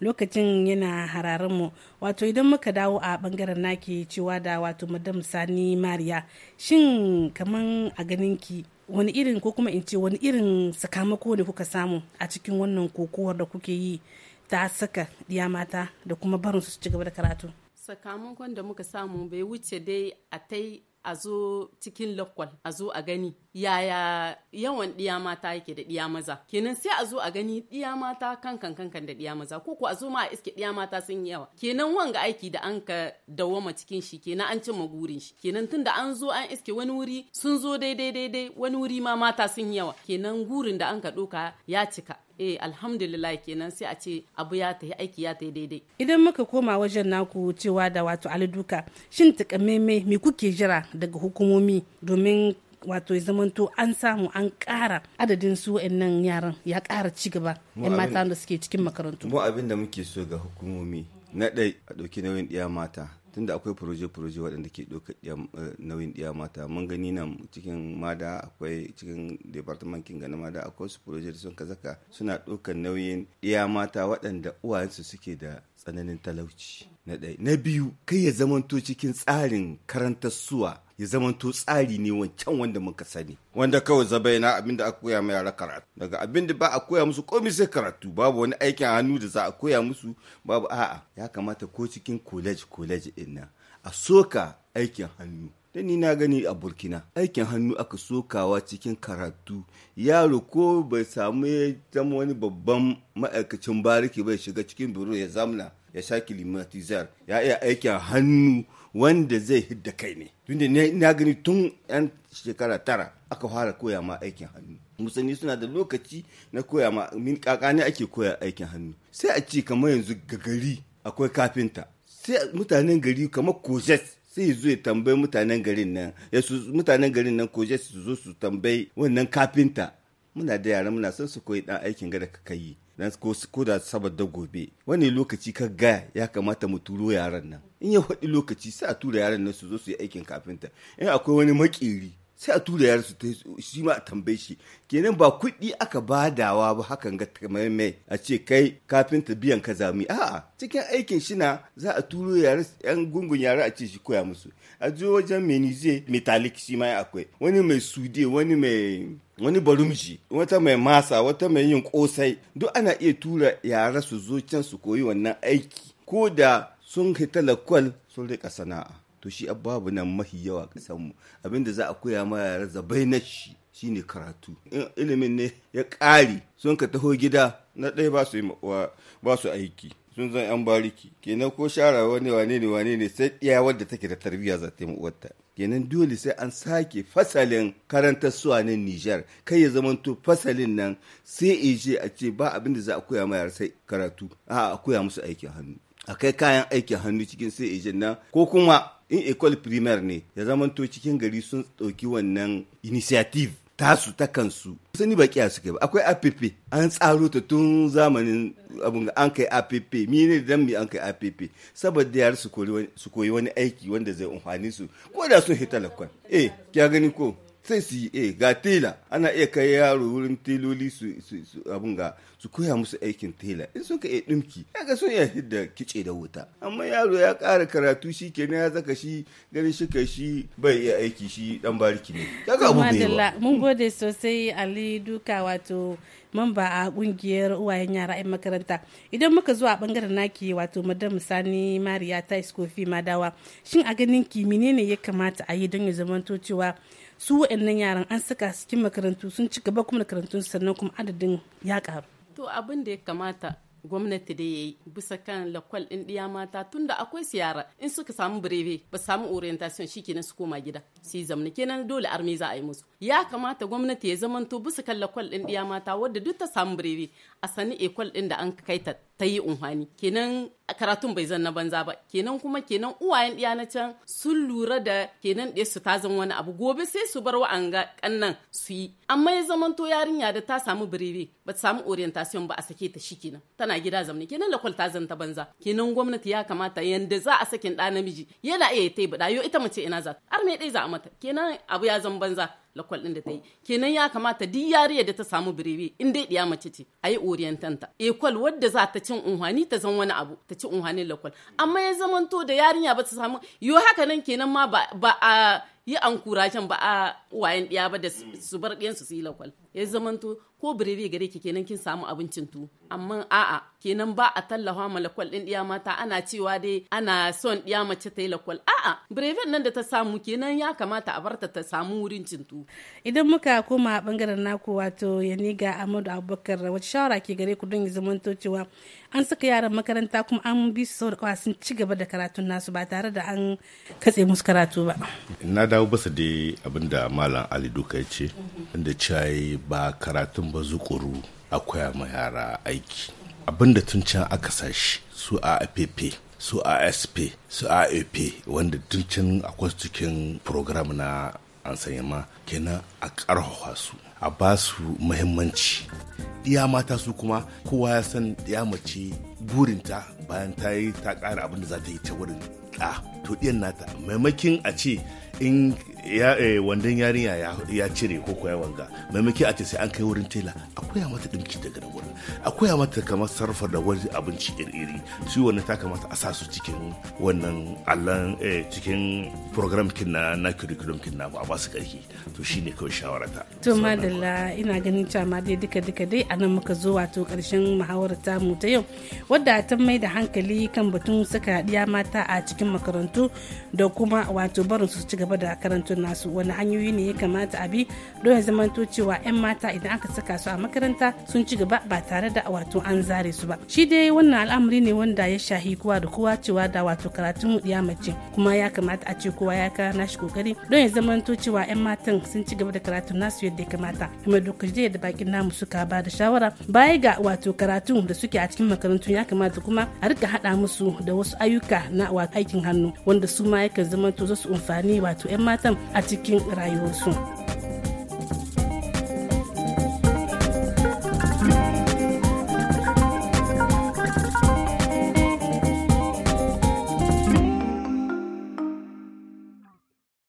lokacin yana hararin mu wato idan muka dawo a bangaren naki cewa da wato madam Sani Mariya shin kaman a ganin ki wani irin ko kuma in ce wani irin sakamako ne kuka samu a cikin wannan kokowar da kuke yi ta saka diya mata da kuma barin su ci gaba da karatu sakamakon da muka samu bai wuce dai a tai a zo cikin lokwal a zo a gani yaya yawan ɗiya mata yake da ɗiya maza kenan sai a zo a gani ɗiya mata kankan kankan da ɗiya maza ko a zo ma a iske ɗiya mata sun yi yawa kenan wanga aiki da an ka dawoma cikin shi kenan an cimma gurin shi kenan tunda an zo an iske wani wuri sun zo daidai daidai wani wuri ma mata sun yi yawa kenan gurin da an ka ɗoka ya cika eh alhamdulillah kenan sai a ce abu ya ta aiki ya ta daidai idan muka koma wajen naku cewa da wato aliduka shin maimai me kuke jira daga hukumomi domin wato ya zamanto an samu an ƙara adadin su nan yaran ya ƙara ci gaba yan mata da suke cikin makarantu mu abin da muke so ga hukumomi na ɗai a ɗauki nauyin ɗiya mata tunda akwai furoje-furoje waɗanda ke ɗauka eh, nauyin ɗiya mata mun gani nan cikin mada akwai cikin departament kinga na mada akwai wasu furoje da sun zaka suna ɗaukar nauyin ɗiya mata waɗanda uwayensu suke da tsananin talauci na ɗaya na biyu kai ya zamanto cikin tsarin karantar suwa ya zamanto tsari ne wancan wanda muka sani wanda kawai zabaina abinda aka koya ma yara karatu daga abinda ba a koya musu komai sai karatu babu wani aikin hannu da za a koya musu babu a'a ya kamata ko cikin college college din nan a soka aikin hannu da ni na gani a burkina aikin hannu aka sokawa cikin karatu yaro ko bai samu ya zama wani babban ma'aikacin bariki bai shiga cikin biro ya zamna ya sha kilimatizar ya iya aikin hannu wanda zai hidda kai ne tunda na gani tun yan shekara tara aka fara koya ma aikin hannu musulmi suna da lokaci na koya ma min kakani ake koya aikin hannu sai a ce kamar yanzu ga gari akwai kafinta sai mutanen gari kamar kozes sai zo ya tambayi mutanen garin nan ya su mutanen garin nan ko su zo su tambayi wannan kafinta muna da yara muna son su koyi dan aikin gada ka kai dan ko ko da saboda gobe wani lokaci ka ga ya kamata mu turo yaran nan in ya faɗi lokaci sai a tura yaran nan su zo su yi aikin kafinta in akwai wani makiri sai a tura yara su shi ma a tambaye shi kenan ba kuɗi aka badawa ba hakan ga maimai a ce kai kafin ta biyan ka zami a'a cikin aikin shina za a turo yaran yan gungun yara a ce shi koya musu a je wajen menize metallic shi ma akwai wani mai sude wani mai wani barumji wata mai masa wata mai yin kosai duk ana iya tura yara su zo can su koyi wannan aiki ko da sun hita lakwal sun rika sana'a to shi babu nan mafi yawa kasanmu abinda za a koya ma yara zabai na shi shine karatu ilimin ne ya ƙari sun ka taho gida na ɗaya ba su ba su aiki sun zan yan bariki kenan ko shara wani wane ne wane ne sai ɗiya wadda take da tarbiyya za ta yi uwarta kenan dole sai an sake fasalin karantar suwa na Nijar kai ya zama zamanto fasalin nan sai ije a ce ba abin da za a koya ma yara sai karatu a koya musu aikin hannu a kai kayan aikin hannu cikin sai ejen nan ko kuma in école primaire ne ya zamanto cikin gari sun ɗauki wannan initiative tasu ta kansu sani ba kiya suke ba akwai app an tsaro ta tun zamanin abun an kai app mi ne dan mi an kai app saboda yar su koyi wani aiki wanda zai amfani su ko da sun hita lakon eh kya gani ko sai su yi eh, ga tela ana iya kai yaro wurin teloli su abun ga su koya musu aikin tela in sun ka iya dimki kaga sun iya hidda kice da wuta amma yaro ya kara karatu shi kenan ya zaka shi ganin shi ka shi bai iya aiki shi dan bariki ne kaga abu bai mun gode sosai Ali Duka wato mamba a kungiyar uwayen yara a makaranta idan muka zuwa bangaren naki wato madam sani mariya ta iskofi madawa shin a ganin ki menene ya kamata a yi don ya zamanto cewa su wa'annan yaran an saka su cikin makarantu sun ci gaba kuma karantun sannan kuma adadin ya karu to abin da ya kamata gwamnati da ya yi bisa kan lakwal ɗin ɗiya mata tunda akwai su yara in suka samu birebe ba samu orientation shi kenan su koma gida su yi zamani kenan dole armi za a yi musu ya kamata gwamnati ya zamanto bisa kan lakwal ɗin ɗiya mata wadda duk ta samu birebe a sani ekwal ɗin da an kai ta ta yi unhwani kenan karatun bai zan na banza ba kenan kuma kenan uwayen ɗiya na can sun lura da kenan ɗaya su ta zan wani abu gobe sai su bar ga kannan su yi amma ya zaman to yarinya da ta samu birere ba ta samu orientation ba a sake ta shi kenan tana gida zamani kenan lakwal ta zanta banza kenan gwamnati ya kamata yanda za a sakin ɗa namiji yana iya ta yi ita mace ina za ar me ɗai za a mata kenan abu ya zan banza lakwal din da ta yi kenan ya kamata duk yariya da ta samu birebe in dai diya mace ce a yi orientanta ekwal wadda za ta cin unhwani ta zan wani abu ta ci unhwanin lakwal amma ya zamanto da yarinya ba ta samu yo haka nan kenan ma ba a yi an kurajen ba a wayan diya ba da su bar diyansu su yi lakwal ya zamanto ko birebe gare ki kenan kin samu abincin tu amma a'a kenan ba a tallafa ma lakwal din ɗiya mata ana cewa dai ana son ɗiya mace ta yi lakwal a'a birebin nan da ta samu kenan ya kamata a barta ta samu wurin cintu idan muka koma bangaren naku wato yaniga amadu abubakar wata shawara ke gare ku don ya zamanto cewa an saka yaran makaranta kuma an bi su sau da sun ci gaba da karatun nasu ba tare da an katse musu karatu ba na dawo basa dai abinda malam ali duka ya ce inda cewa ba karatun bazukuru ba zukuru a koya ma yara aiki abinda tun can aka sashi su a app su a sp su a ap wanda tun can akwai cikin program na an sanya ma kenan a ƙarfafa su a ba su muhimmanci iya mata su kuma kowa ya san ya mace burinta bayan ta yi ta ƙara abin da za ta yi ta wurin ɗa to ɗiyan nata maimakin a ce in ya eh, wandon yarinya ya cire ko kuwa wanga maimaki a ce sai an kai wurin tela a koya mata dinki daga nan wurin a koya mata kamar sarrafa da wani abinci iri-iri su wannan ta kamata a sa su cikin wannan allan eh, cikin program kin na na curriculum kin na ba ba su karki to shine kawai shawara ta to madalla ina ganin cewa ma dai duka duka dai anan muka zo wato karshen muhawarar ta mu ta yau wadda ta mai da hankali kan batun saka diya mata a cikin makarantu da kuma wato barin su ci gaba da karantun nasu wani hanyoyi ne ya kamata a bi don ya zama to cewa 'yan mata idan aka saka su a makaranta sun ci gaba ba tare da wato an zare su ba shi dai wannan al'amari ne wanda ya shahi kowa da kowa cewa da wato karatun ya mace kuma ya kamata a ce kowa ya kara nashi kokari don ya zama to cewa 'yan matan sun ci gaba da karatun nasu yadda ya kamata kuma duk da bakin namu suka ba da shawara baya ga wato karatun da suke a cikin makarantun ya kamata kuma a rika haɗa musu da wasu ayyuka na aikin hannu wanda su ma yakan zamanto za su amfani wato 'yan matan a cikin rayuwarsu.